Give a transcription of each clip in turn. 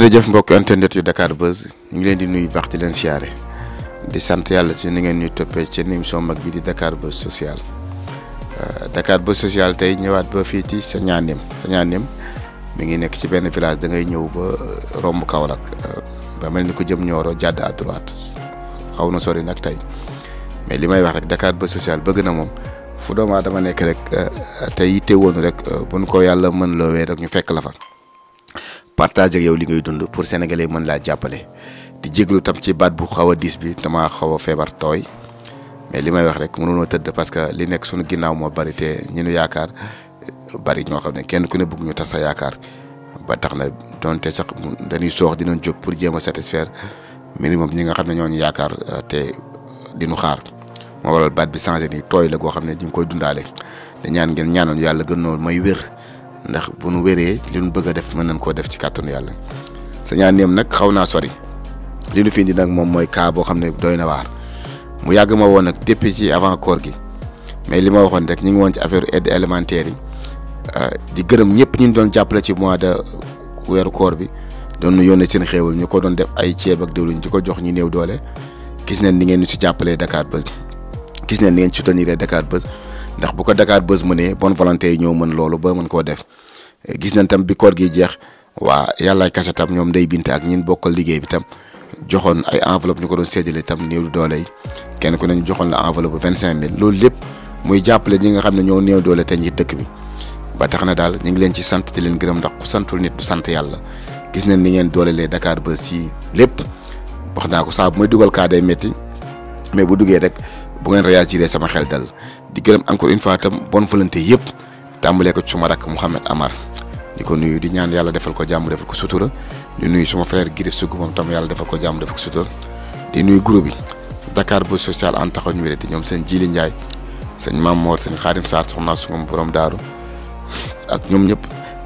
jërëjëf mbokk internet yu Dakar ñu leen di nuyu baax di leen siyaare di sant yàlla ci ni ngeen ñu toppee ci émission mag bi di Dakar Buzz social euh, Dakar Buzz social tey ñëwaat ba fii ci Sagnaniam Sagnaniam mu ngi nekk ci benn village da ngay ñëw ba euh, romb Kaolack euh, ba mel ni ko jëm ñooro jàdd à xaw na sori nag tey mais li may wax rek Dakar Buzz sociale bëgg na moom fu doomu aadama nekk rek te yitte woonu rek buñ ko yàlla mën loo loowee rek ñu fekk la fa. partage ak yow li ngay dund pour sénégalais mën laa jàppale di jéglu tam ci baat bu xaw a diis bi damaa xaw a feebar tooy mais li may wax rek mënunoo tëdd parce que li nekk suñu ginnaaw moo bari te ñi yaakaar bari ñoo xam ne kenn ku ne bëgg ñu tas sa yaakaar ba tax na donte sax dañuy soox dinañ jóg pour jéem a satisfaire minimum ñi nga xam ne ñooñu yaakaar euh, te di nu xaar moo waral baat bi changé nii tooy la goo xam ne ñu ngi koy dundaale. da ñaan ngeen ñaanoon yàlla gën noonu may wér ndax bu nu wéree li nu bëgg a def mën nañ koo def ci kàttanu yàlla sa ñaaneem nag xaw naa sori li nu fi indi nag moom mooy cas boo xam ne dooy na waar mu yàgg ma woon nag depuis ci avant koor gi mais li ma waxoon rek ñu ngi woon ci affaire aide alimentaire yi euh, di gërëm ñëpp ñu doon jàppale ci mois de weeru koor bi doon nu yónnee seen xéewal ñu ko doon def ay ceeb ak diwlin di ko jox ñu néew doole gis nañ ni ngeen ñu ci jàppalee Dakar Buzz gis nañ ni ngeen ci soutenir Dakar Buzz ndax bu ko Dakar Buzz mënee bonne volonté yi ñoo mën loolu ba mën koo def gis nañ tam bi koor gi jeex waa yàllaay kase tam ñoom day binte ak ñun bokkal liggéey bi tam joxoon ay enveloppe ñu ko doon séddale tam néew doole yi kenn ku nañ joxoon la enveloppe vingt cinq mille loolu lépp muy jàppale ñi nga xam ne ñoo néew doole te ñi dëkk bi ba tax na daal ñu ngi leen ci sant di leen gërëm ndax ku santul nit du sant yàlla gis nañ ni ngeen doolelee Dakar Buzz ci lépp wax naa ko saa bu may dugal kaa day mais bu duggee rek bu ngeen réagiré sama xel dal di gërëm encore une fois tam bon volonté yëpp tàmbalee ko ci suma rakk Mouhamed Amar di ko nuyu di ñaan yàlla defal ko jàmm defal ko sutura di nuyu suma frère Girif Sougou moom tam yàlla defal ko jàmm defal ko sutura di nuyu groupe bi dakaar bu social en taxaw ñu wérati ñoom seen Jili Ndiaye sëñ Mamoor sëñ Xaadim Sarr soxna su borom daaru ak ñoom ñëpp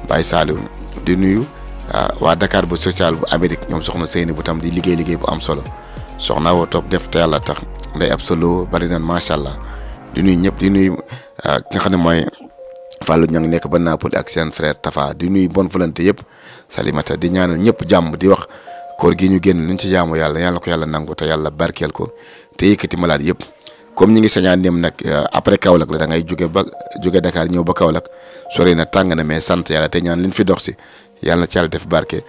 Baye Saliou di nuyu ah, waa Dakar bu social bu Amérique ñoom soxna Seyni bu tam di liggéey liggéey bu am solo soxna woo def te yàlla tax nday ab solo bari na macha allah. di nuyu ñëpp di nuyu ah, ki nga xam ne mooy Fallou Niang nekk ba Napoli ak seen frère tafaa di nuyu bonne volonté yëpp Salimata di ñaanal ñëpp jàmm di wax koor gi ñu génn nuñ ci jaamu yàlla yàlla ko yàlla nangu te yàlla barkeel ko te yëkkati malade yëpp comme ñi ngi sañaan dem nag euh, après Kaolack la da ngay jóge ba jóge Dakar ñëw ba Kaolack sori na tàng na mais sant yàlla te ñaan liñ fi dox si yàlla ci yàlla def barke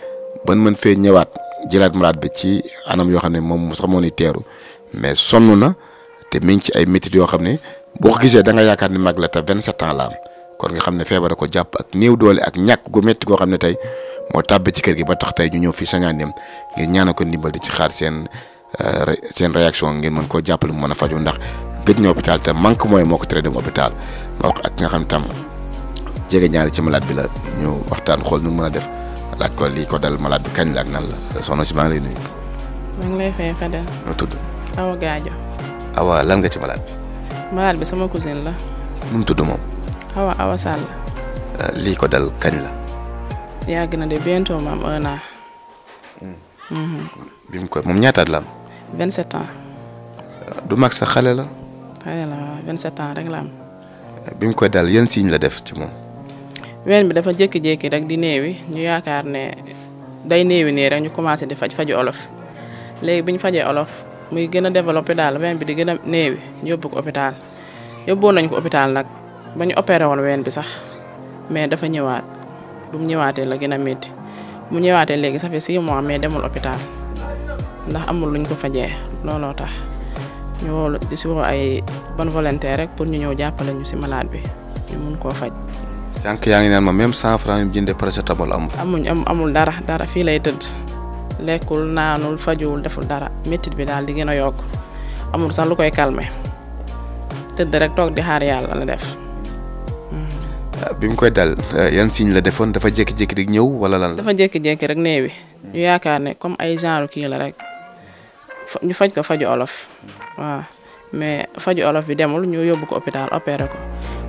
ban man fee ñëwaat jilaat malaat bi ci anam yoo xam ne moom sax moo ni teeru mais sonn na te mi ci ay métit xam ne boo ko gisee da nga yaakaar ni mag la te 27 ans la am kon nga xam ne feebar ko jàpp ak néew doole ak ñàkk gu métti xam ne tey moo tàbbi ci kër gi ba tax tey ñu ñëw fi Sanganéem ngir ñaana ko ndimbal di ci xaar seen euh, seen réaction ngeen mën koo jàppale mu mën a faju ndax gëj na hôpital te manque mooy moo ko tere dem hôpital moo ko ak nga xam tam jege ñaari ci malade bi la ñu waxtaan xool nu mën a def laaj ko lii ko dal malade bi kañ la ak nan la soxna si maa ngi lay nuyu. maa ngi lay fay Fadel. noo tudd. awa lan nga ci malade bi. bi sama cousine la. nu mu tudd moom. awa awa Sall. Euh, lii ko dal kañ la. yàgg na de bientôt ma am un an. Hmm. Mhm. koy moom ñaataat la am. 27 ans. du mag sax xale la. xale la waaw 27 ans rek la am. koy dal yan siñ la def ci moom. ween bi dafa jékki-jékki rek di néewi ñu yaakaar ne day néewi nii rek ñu commencé di faj faju olof léegi bi fajee olof. muy gën a développé daal ween bi di gën a néewi ñu yóbbu ko hôpital yóbboon nañ ko hôpital nag ba ñu opéré woon ween bi sax mais dafa ñëwaat bu mu ñëwaatee la gën a métti mu ñëwaatee léegi ça fait mois mais demul hôpital ndax amul luñ ko fajee looloo tax ñu woo di ay bonne volonté rek ñu ñëw jàppale ñu si malaat bi ñu mun koo faj. sànq yaa ngi naan ma même cent franc yu jëndee paracétamol amul. amuñ amul dara dara fii lay tëdd. lekkul naanul fajuwul deful dara métit bi daal di gën a yokk amul saxlu koy calmer tëdd rek toog di xaar yàlla la def. Ah, bi mu koy dal ah, yan signe la defoon dafa jékki-jékki rek ñëw wala lan dafa jékki-jékki rek néewi ñu yaakaar ne comme ay genre kii la rek ñu faj ko faju olof waaw mais faju olof bi demul ñu yóbbu ko hôpital opéré ko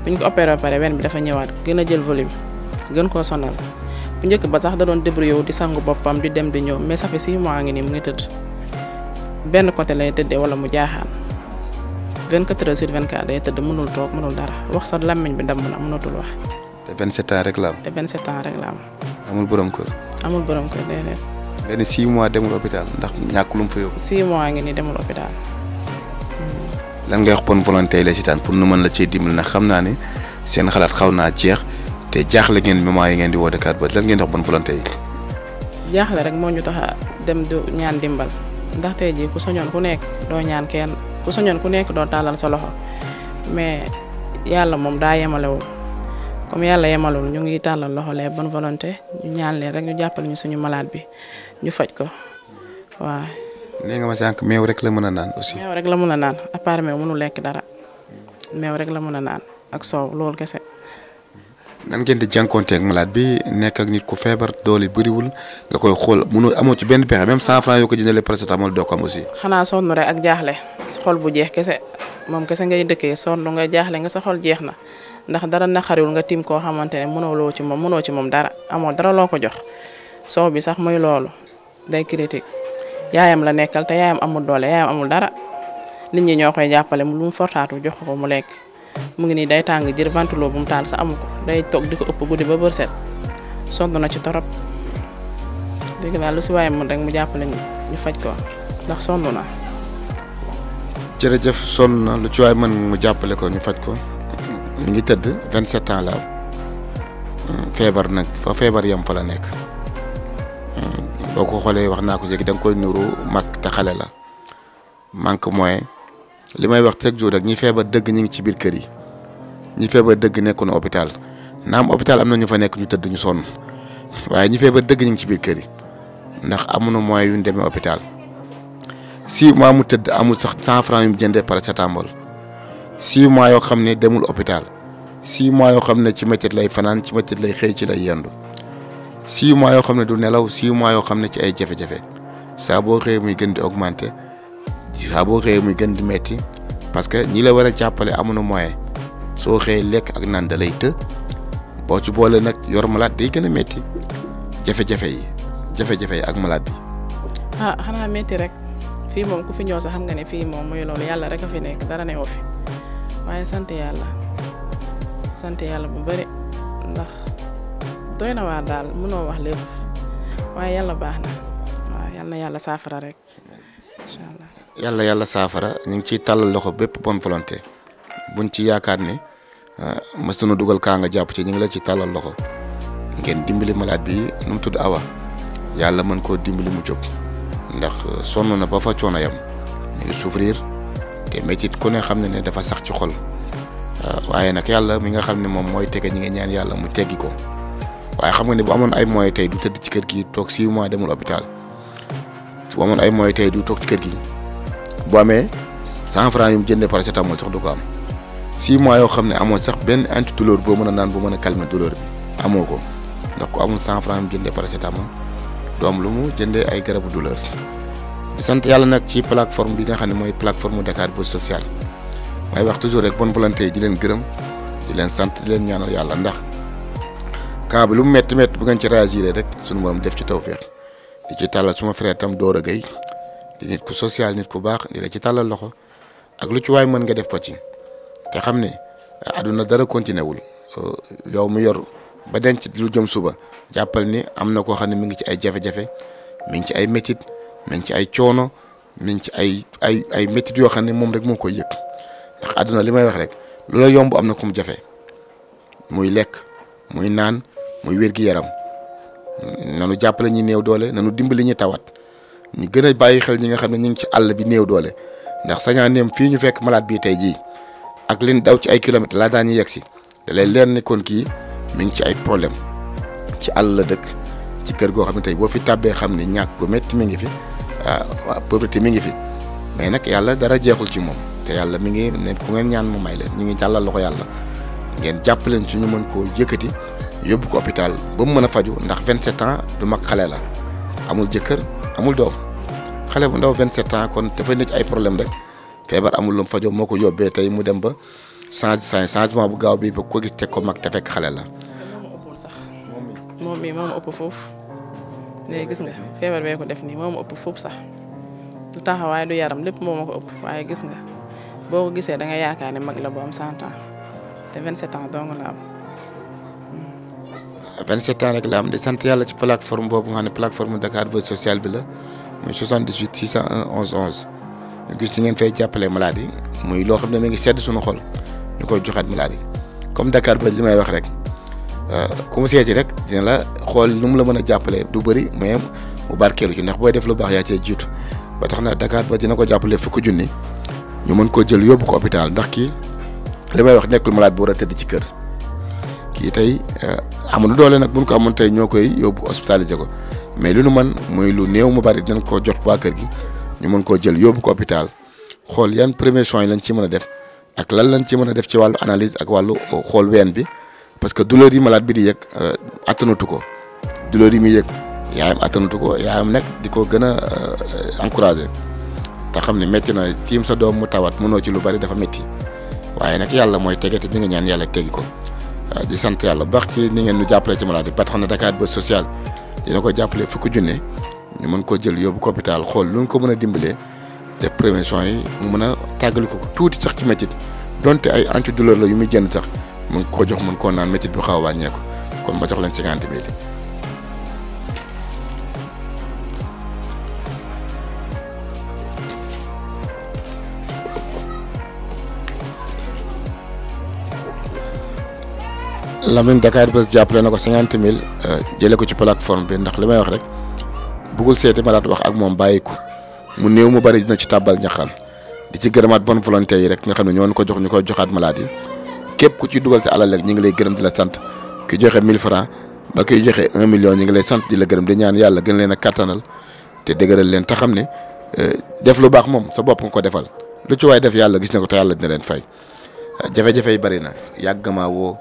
bu ñu ko opéré ba pare wenn bi dafa ñëwaat gën a jël volume gën koo sonal. bu njëkk ba sax da doon débrouillé wu di sangu boppam di dem di ñëw mais ça fait six mois ngi nii mu ngi tëdd benn côté lay tëdde wala mu jaaxaan 24 heures sur 24 day tëdd mënul toog mënul dara wax sa làmmiñ bi damm na mënatul wax. te 27 ans rek la am. te 27 ans rek amul borom kër. amul borom kër déedéet. nga ni 6 mois demul hôpital ndax ñàkk lu mu fa yóbbu. 6 ngi nii demul hôpital. lan ngay wax bonne volonté lay si taan pour nu mën la cee dimbali nag xam naa ne seen xaw naa jeex. te jaaxle ngeen moment yi ngeen di woote carte bleue ngeen di wax volonté yi. jaaxle rek moo ñu tax a dem du ñaan dimbal ndax tey jii ku soñoon ku nekk doo ñaan kenn ku soñoon ku nekk doo tàllal sa loxo mais yàlla moom daa yemalewul comme yàlla yemalewul ñu ngi tàllal loxo le bonne volonté ñu ñaan leen rek ñu jàppale ñu suñu malade bi ñu faj ko waaw. nee meew rek la mën a naan meew rek la mën a naan ak soow loolu kese. nan ngeen di jànkoonteeg malade bi nekk ak ku feebar doole bëriwul nga koy xool mënoo amoo ci benn pexe même cent franc yoo ko jëndalee paracétamol doo ko am aussi. soon sonn rek ak jaaxle xol bu jeex kese moom kese ngay dëkkee sonn nga jaaxle nga sa jeex na ndax dara naqariwul nga tiim koo xamante ne mënoo loo ci moom mënoo ci moom dara amoo dara loo ko jox soow bi sax muy loolu day critique yaayam la nekkal te yaayam amul doole yaayam amul dara nit ñi ñoo koy jàppale lu mu jox ko mu lekk. mu ngi nii day tàng jër ventilo bu mu taal sa amuk day toog di ko ëpp guddi ba bër set sonn na ci torop léegi daal lu si waaye mun rek mu jàppale ñu faj ko ndax sonn na. jërëjëf sonn na lu ci waay mën mu jàppale ko ñu faj ko. mi ngi tëdd 27 ans la hmm, feebar nag fa feebar yam fa la nekk hmm, boo ko xoolee wax naa ko léegi da nga koy nuru mag te xale la manque moyen li may wax chaque jour rek ñi feebar dëgg ñu ngi ci biir kër yi ñi feebar dëgg nekkuñu hôpital naam hôpital am na ñu fa nekk ñu tëdd ñu sonn waaye ñi feebar dëgg ñu ci biir kër yi ndax amu na yu ñu demee hôpital six mois mu tëdd amul sax cent franc yu mu jëndee paracétamol six mois yoo xam ne demul hôpital six mois yoo xam ne ci métit lay fanaan ci métit lay xëy ci lay yendu six mois yoo xam ne du nelaw six mois yoo xam ne ci ay jafe-jafe saa boo xëy muy gën di augmenter. saa boo xëyee muy gën di metti parce que ñii la war a jàppale amuñu moyen soo xëyee lekk ak naan da të boo ci boole nag yor malaat day gën a metti jafe-jafe yi jafe-jafe yi ak malaat bi. ah xanaa metti rek fii moom ku fi ñëw sax xam nga ne fii moom mooy loolu yàlla rek a fi nekk dara newoo fi waaye sant yàlla sant yàlla bu bari ndax na waar daal mënoo wax lépp waaye yàlla baax na waaw yàlla saafara rek. incha yàlla yàlla saafara ñu ngi ciy tàllal loxo bépp bonne volonté buñ ci yaakaar ne ah, mës na dugal kaa nga jàpp ci ñu ngi la ci tàllal loxo ngeen dimbali malaat bi nu mu tudd awa yàlla mën koo dimbali mu jóg ndax euh, sonn na ba fa coono yam mu ngi souffrir te métit ku ne xam ne ne dafa sax ci xol ah, waaye nag yàlla mi nga xam ne moom mooy tege ñu ngi ñaan yàlla mu teggi ko waaye xam nga ne bu amoon ay moyens tey du tëdd ci kër gi toog 6 mois demul hôpital bu amoon ay moyens tey du ci kër gi bu amee cent franc mu jëndee paracétamol sax du ko am six mois yoo xam ne amoo sax benn antidouleur boo mën a naan bu mën a calmer douleur bi amoo ko amul cent franc mu jëndee paracétamol du am lu mu jëndee ay garabu douleur di sant yàlla nag ci forme bi nga xam ne mooy plateforme Dakar Buzz Social may wax toujours rek bonne volonté yi di leen gërëm di leen sant di leen ñaanal yàlla ndax cas lu mu métti métti bu ngeen ci réagir rek sunu morom def ci tawfeex di ci tàllal suma frère tam Dora Gueye di nit ku social nit ku baax di la ci tàllal loxo ak lu ci waay mën nga def ko ci te xam ne àdduna dara continué wul euh, yow mu yor ba denc lu jëm suba jàppal ni am na koo xam ne mi ngi ci ay jafe-jafe mi ngi ci ay métit mi ci ay coono mi ci ay ay ay métit yoo xam ne moom rek moo koy yëg ndax àdduna li may wax rek lu la yomb am na ku mu jafe muy lekk muy naan muy wér-gi-yaram nanu jàppale ñi néew doole nanu dimbali ñi tawat ñu gën a bàyyi xel ñi nga xam ne ñu ngi ci àll bi néew doole ndax sañaaneem fii ñu fekk malaat bii tey jii ak leen daw ci ay kilomètres laataa ñuy yegg si da lay kon kii mi ngi ci ay problème ci àll la dëkk ci kër goo xam ne tey boo fi tàbbee xam ne ñàkk ko métti mi ngi fi ah pauvreté mi ngi fi mais nag yàlla dara jeexul ci moom te yàlla mi ngi nekk ku ngeen ñaan mu may leen ñu ngi jàllal loxo yàlla ngeen jàpp ci ñu mën koo yëkkati. yóbbu ko hôpital ba mu mën a faju ndax 27 ans du mag xale la amul jëkkër amul doom xale bu ndaw 27 ans kon dafay nekk ay problème rek feebar amul lu mu moo ko yóbbee tey mu dem ba change changement bu gaaw bi ba ko gis teg ko mag te fekk xale la. moom mii moom ëpp foofu léegi gis nga feebar bee ko def nii moom ëpp foofu sax du taxawaay du yaram lépp moom ko ëpp waaye gis nga boo ko gisee da nga yaakaar ne mag la bu am 100 ans te 27 ans dong la am. 27 ans rek la am di sant yàlla ci plateforme boobu nga xam ne plateforme Dakar Buzz social bi la muy 78 601 11 11 ñu gis ni ngeen fay jàppale malade yi muy loo xam ne mu ngi sedd suñu xol ñu koy joxaat malade yi comme Dakar Buzz li may wax rek euh, ku mu seeti rek dina la xool nu mu la mën a jàppale du bëri mais mu barkeelu ci ndax booy def lu baax yaa cee jiitu ba tax na Dakar Buzz na ko jàppale fukki junni ñu mën koo jël yóbbu ko hôpital ndax kii li wax nekkul malade bu war a ci kër. kii tey euh, amuñu doole nag buñ ko amoon tey ñoo koy yóbbu hospitalisé ko mais lu nu man muy lu néew mu bari dinañ ko jox waa kër gi ñu mën koo jël yóbbu ko hopital xool yan premiers soins yi lañ ci mën a def ak lan lañ ci mën a def ci wàllu analyse ak wàllu euh, xool ween bi parce que douleur yi malaat bi di yëg euh, attanatu ko douleur yi muy yëg yaayam attanatu ko yaayam nag di ko gën a encouragé te xam ne métti na tiim sa doom mu tawat mënoo ci lu bari dafa métti waaye nag yàlla mooy tege te ñu ñaan yàlla tegi ko. waaw di sant yàlla bu baax ci ni ngeen ñu jàppalee ci malade ba tax na Dakar Buzz Social dina ko jàppale fukki junne ñu mën koo jël yóbbu ko hôpital xool lu ñu ko mën a dimbalee def prévention yi mu mën a tàggali ko ko tuuti sax ci métit donte ay antidouleur la yu muy jënd sax mu ngi ko jox mën koo naan métit bi xaw a wàññeeku kon ma jox leen cinquante mille Lamine Dakar Buzz jàppale na ko cinquante mille euh, jëlee ko ci plateforme bi ndax li may wax rek bëggul seeti ma daat wax ak moom bàyyi mu néew mu bari dina ci tàbbal ñaxam di ci gërëmaat bon volonté yi rek nga xam ne ñoo ko jox ñu koy joxaat malade yi képp ku ci dugal sa alal rek ñu ngi lay gërëm di sant ki joxe 1000 ba koy joxe million ñu ngi lay sant di la gërëm di ñaan yàlla gën leen a te dëgëral leen te xam ne euh, def lu baax moom sa bopp nga ko defal lu ci waay def yàlla gis na ko te yàlla dina leen fay jafe yi bari na yàgg maa woo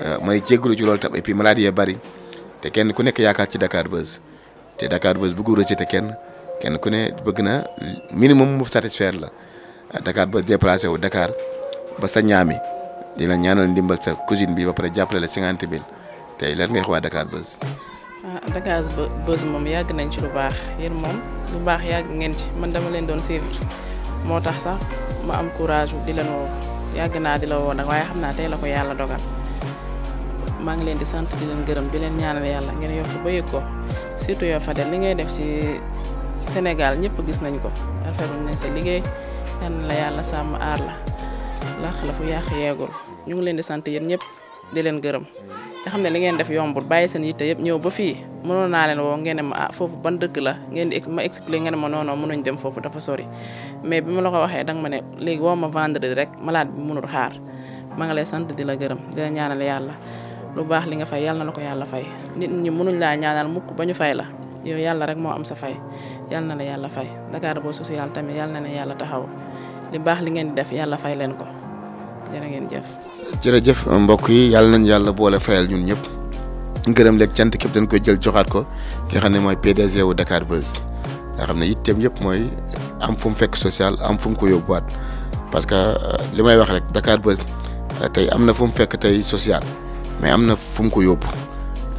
Euh, may jéggalu ci loolu tam et puis maladie bari te kenn ku nekk yaakaar ci Dakar Buzz te Dakar Buzz bëggu te kenn kenn ku ne bëgg na minimum mu satisfaire la euh, Dakar Buzz déplacé wu Dakar ba sa ñaami di la ñaanal ndimbal sa cousine bi ba pare jàppale la cinquante mille tey lan ngay wax waa Dakar ah, moom yàgg nañ ci lu baax yéen moom lu baax yàgg ngeen ci man dama leen doon suivre moo tax sax ma am courage di la woo yàgg naa di la woon nag waaye xam naa te la ko yàlla dogal. maa ngi leen di sant di leen gërëm di leen ñaanal yàlla ngeen yokk ba yëg ko surtout yow Fadel li ngay def si Sénégal ñëpp gis nañ ko rafetlu nañ sa liggéey yan la yàlla sàmm aar la laax la fu yàq yeegul ñu ngi leen di sant yéen ñëpp di leen gërëm te xam ne li ngeen def yombul bàyyi seen yitte yëpp ñëw ba fii mënoon naa leen woo ngeen ne ma ah foofu ban dëkk la ngeen di ma expliqué ngeen ne ma noonoo mënuñ dem foofu dafa sori mais bi ma la ko waxee danga ma ne léegi woo ma vendredi rek malade mënul xaar ma nga lay sant di la gërëm di la yàlla lu baax li nga fay yàlla na ko yàlla fay nit ñi mënuñ laa ñaanal mukk ba ñu fay la yow rek moo am sa fay yàlla na la yàlla fay Dakar boo social tamit yàlla na ne yàlla taxaw li baax li ngeen di def yàlla fay leen ko jërë ngeen jëf. jërëjëf mbokk yi yàlla nañ yàlla boole fayal ñun ñëpp ngërëm leeg cant képp dañ koy jël joxaat ko ki xam ne mooy PDG wu Dakar Buzz nga xam ne itteem yëpp mooy am fu mu fekk social am fu mu ko yóbbuwaat parce que euh, li may wax rek Dakar Buzz euh, tey am na fu mu fekk tey social. mais am na fu mu ko yóbbu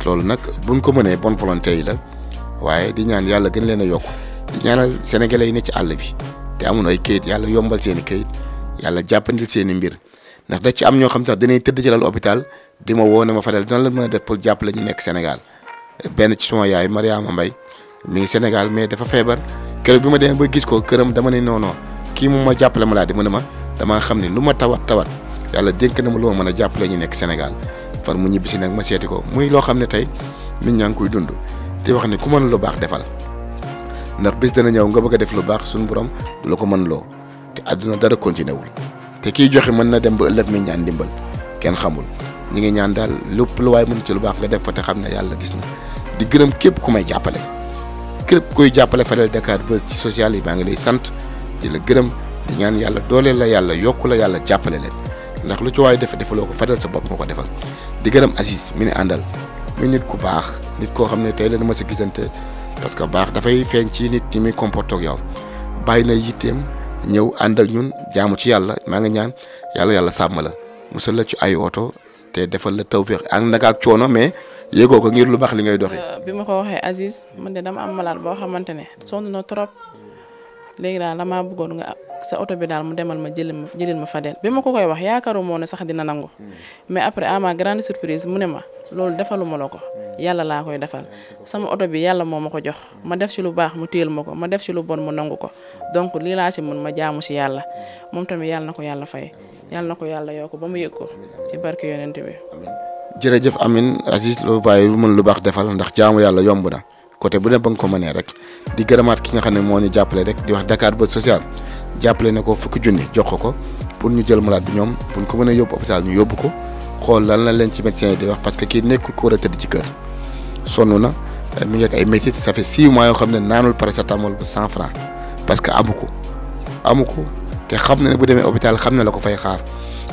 loolu nag buñ ko mënee bonne volonté yi la waaye di ñaan yàlla gën leen a yokk di ñaanal sénégalais yi ne ci àll bi te amun ay kayit yàlla yombal seen i kayit yàlla jàppandil seen i mbir ndax da ci am ñoo xam sax dinañ tëdd ci lal hôpital di ma woo ne ma fadel dina la mën a def pour jàppale ñu nekk Sénégal benn ci suma yaay Mariama mbay mu ngi Sénégal mais dafa feebar keroog bi ma demee ba gis ko këram dama ne non kii moom ma jàppale ma laa di mën a ma damaa xam ne lu ma tawat tawat yàlla dénk na ma lu ma a jàppale ñu nekk Sénégal fan mu ñibbisi nag ma seeti ko muy loo xam ne tey nit ñaa ngi koy dund te wax ni ku mën lu baax defal ndax bis dana ñëw nga bëgg a def lu baax suñu borom du la ko mën loo te àdduna dara continué wul te kiy joxe mën na dem ba ëllëg mi ñaan ndimbal kenn xamul ñu ngi ñaan daal lépp lu waay mën ci lu baax nga def fa te xam ne yàlla gis na di gërëm képp ku may jàppale képp kuy jàppale Fadel Dakar Buzz ci social yi baa ngi lay sant di la gërëm di ñaan yàlla dooleel la yàlla yokku la yàlla jàppale leen ndax lu ci waay def defaloo ko Fadel sa bopp nga ko defal di gërëm Aziz mi ni àndal nit ku baax nit koo xam ne tey la dama sa gisante parce que baax dafay feeñ ci nit ñi muy comporté ak yow bàyyi na yitteem ñëw ànd ak ñun jaamu ci yàlla maa ngi ñaan yàlla yàlla sàmm la musal la ci ay oto te defal la tawféex ak nag ak coono mais yéegoo ko ngir lu baax li ngay doxi euh, bi ma ko waxee Aziz man de dama am malade boo xamante ne sonn na trop léegi daal la maa bëggoon nga sa oto bi daal mu demal ma jëlil ma jëlil ma Fadel bi ma ko koy wax yaakaaru moo ne sax dina nangu hmm. mais après à ma grande surprise mu ne ma loolu defaluma la ko hmm. yàlla laa koy defal hmm, sama oto bi yàlla moom ma ko jox ma def ci lu baax mu téel ma ko ma def ci lu bon mu nangu ko donc lii laa ci mun ma jaamu ci yàlla moom tamit yàlla na ko yàlla fay yàlla na ko yàlla yokk ba mu yëg ko ci barke yonent bi. jërëjëf Amine Aziz loolu bàyyi lu mën lu baax defal ndax jaamu yàlla yomb na côté bu ne ba nga ko mënee rek di gërëmaat ki nga xam ne moo ñu jàppale rek di wax Dakar Buzz Social. jàppale ne ko fukki junni jox ko ko pour ñu jël malaat bi ñoom buñ ko mënee yóbbu hôpital ñu yóbbu ko xool lan la leen ci médecin yi di wax parce que kii nekk ko war a tëdd ci kër sonn na euh, mu ngi ak ay métit safe fait mois yoo xam ne naanul paracétamol bu cent franc parce que amu ko amu ko te xam na ne bu demee hôpital xam na la ko fay xaar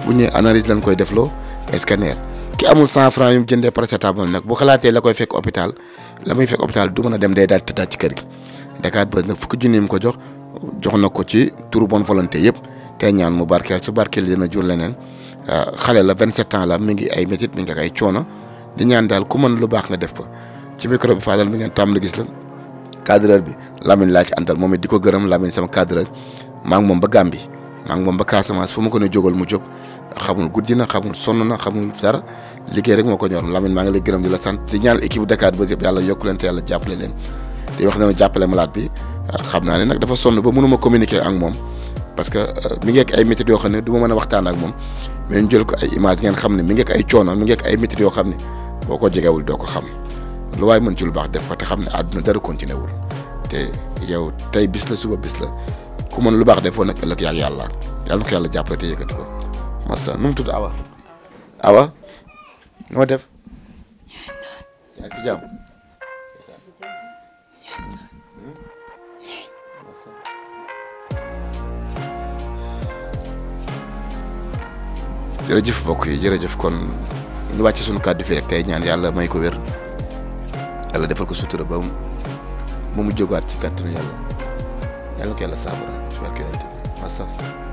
bu ñuy analyse lañ koy defloo scanner ki amul cent franc yu mu jëndee paracétamol nag bu xalaatee la koy fekk hôpital la muy fekk hôpital du mën a dem day daal tëddaat ci kër gi Dakar ba fukki junni mu ko jox jox na ko ci turu bonne volonté yëpp tey ñaan mu barkeel su barkeel dina jur leneen euh, xale la 27 ans la mi ngi ay métit mi ngi ak ay coono di ñaan daal ku man lu baax nga def ko ci micro bi Fadel mi ngeen taam la gis la cadreur bi Lamine laa ci àndal moom it di ko gërëm Lamine sama cadreur maa ngi moom ba Gàmbi maa moom ba Casamance fu ma ko ne jógal mu jóg xamul guddi na xamul sonn na xamul dara liggéey rek moo ko ñor Lamine maa ngi lay gërëm di la sant di ñaan équipe Dakar ba yëpp yàlla yokku leen jàppale leen di wax ne jàppale malade bi xam naa ne nag dafa sonn ba mënuma communiquer ak moom parce que euh, mi ay méthodes yoo xam ne du ma a waxtaan ak moom mais ñu jël ko ay xam ne mi ngi ak ay coono mi ngi ak ay méthodes yoo xam ne boo ko jegewul doo ko xam lu waaye mën ci lu baax def ko te xam ne àdduna dara continué te yow tey bis la suba bis la ku mën lu baax defoo nag ëllëg yaa yàlla yàlla ko yàlla jàppale te yëkkati ko massa nu mu tudd Awa Awa noo def jërëjëf mbokk yi jërëjëf kon ñu wàcc suñu kàddu fii rek tey ñaan yàlla may ko wér yàlla defal ko sutura ba mu ba mu jógaat ci kàttanu yàlla yàlla ko yàlla saabara ci barke yonent bi ma saf